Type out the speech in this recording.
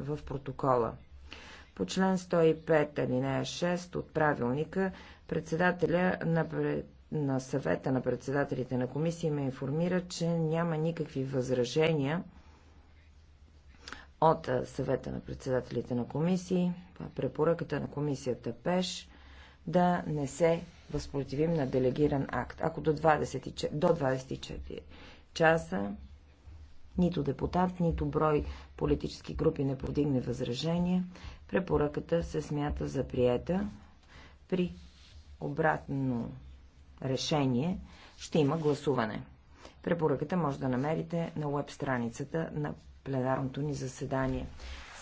в протокола. По член 105, алинея 6 от правилника, председателя на, на съвета на председателите на комисии ме информира, че няма никакви възражения от съвета на председателите на комисии, е препоръката на комисията ПЕШ да не се възпротивим на делегиран акт. Ако до 24, до 24 часа нито депутат, нито брой политически групи не повдигне възражение. Препоръката се смята за приета. При обратно решение ще има гласуване. Препоръката може да намерите на веб страницата на пленарното ни заседание.